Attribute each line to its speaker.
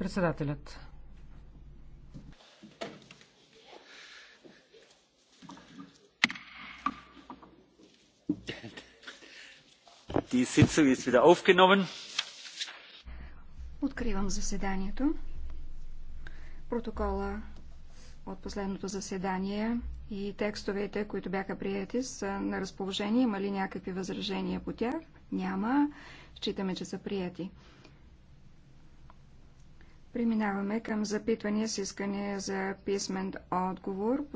Speaker 1: Председателят.
Speaker 2: Die Sitzung ist wieder aufgenommen.
Speaker 3: Откривам заседанието. Протокола от последното заседание и текстовете, които бяха прияти, са на разположение. Има ли някакви възражения по тях? Няма. Считаме, че са прияти. Преминаваме към запитвания с искане за писмен отговор.